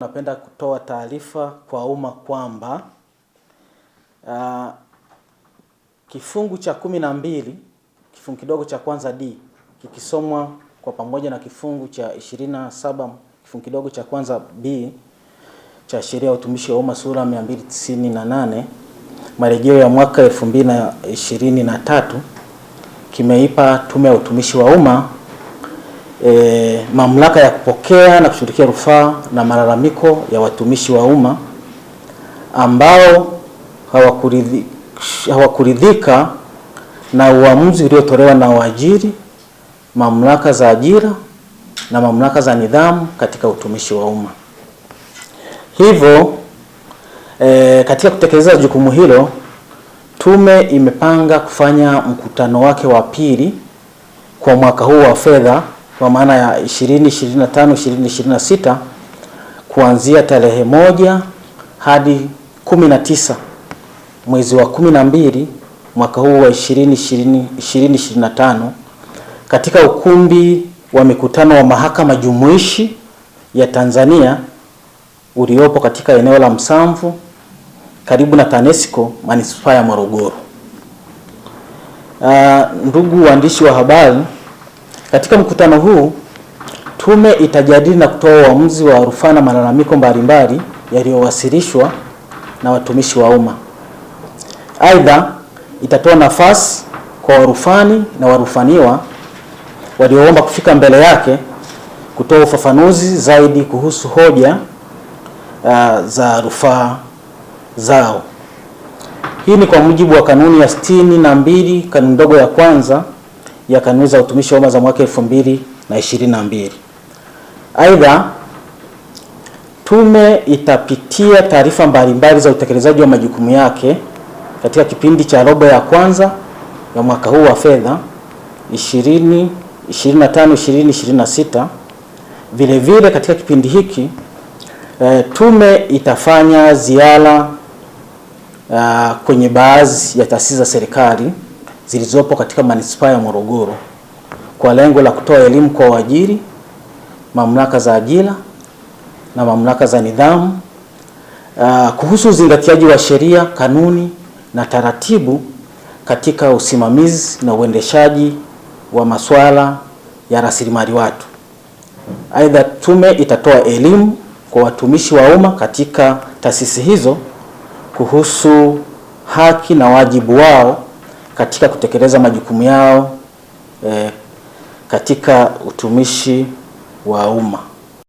Napenda kutoa taarifa kwa umma kwamba uh, kifungu cha kumi na mbili kifungu kidogo cha kwanza D kikisomwa kwa pamoja na kifungu cha 27 kifungu kidogo cha kwanza B cha sheria ya utumishi wa umma sura 298 marejeo ya mwaka 2023 kimeipa Tume ya Utumishi wa Umma e, mamlaka ya kupokea na kushughulikia rufaa na malalamiko ya watumishi wa umma ambao hawakuridhi, hawakuridhika na uamuzi uliotolewa na waajiri, mamlaka za ajira na mamlaka za nidhamu katika utumishi wa umma. Hivyo e, katika kutekeleza jukumu hilo tume imepanga kufanya mkutano wake wa pili kwa mwaka huu wa fedha kwa maana ya 2025 2026 kuanzia tarehe moja hadi 19 mwezi wa 12 mwaka huu wa 2020 2025 katika ukumbi wa mikutano wa mahakama jumuishi ya Tanzania uliopo katika eneo la Msamvu karibu na TANESCO manispaa ya Morogoro. Uh, ndugu waandishi wa habari katika mkutano huu tume itajadili na kutoa uamuzi wa rufaa na malalamiko mbalimbali yaliyowasilishwa na watumishi wa umma. Aidha, itatoa nafasi kwa warufani na warufaniwa walioomba kufika mbele yake kutoa ufafanuzi zaidi kuhusu hoja uh, za rufaa zao. Hii ni kwa mujibu wa kanuni ya sitini na mbili kanuni ndogo ya kwanza ya kanuni za utumishi wa umma za mwaka 2022. Aidha, tume itapitia taarifa mbalimbali za utekelezaji wa majukumu yake katika kipindi cha robo ya kwanza ya mwaka huu wa fedha 2025 2026. Vilevile katika kipindi hiki e, tume itafanya ziara ah, kwenye baadhi ya taasisi za serikali zilizopo katika manispaa ya Morogoro kwa lengo la kutoa elimu kwa waajiri, mamlaka za ajira na mamlaka za nidhamu uh, kuhusu uzingatiaji wa sheria, kanuni na taratibu katika usimamizi na uendeshaji wa masuala ya rasilimali watu. Aidha, tume itatoa elimu kwa watumishi wa umma katika taasisi hizo kuhusu haki na wajibu wao katika kutekeleza majukumu yao eh, katika utumishi wa umma.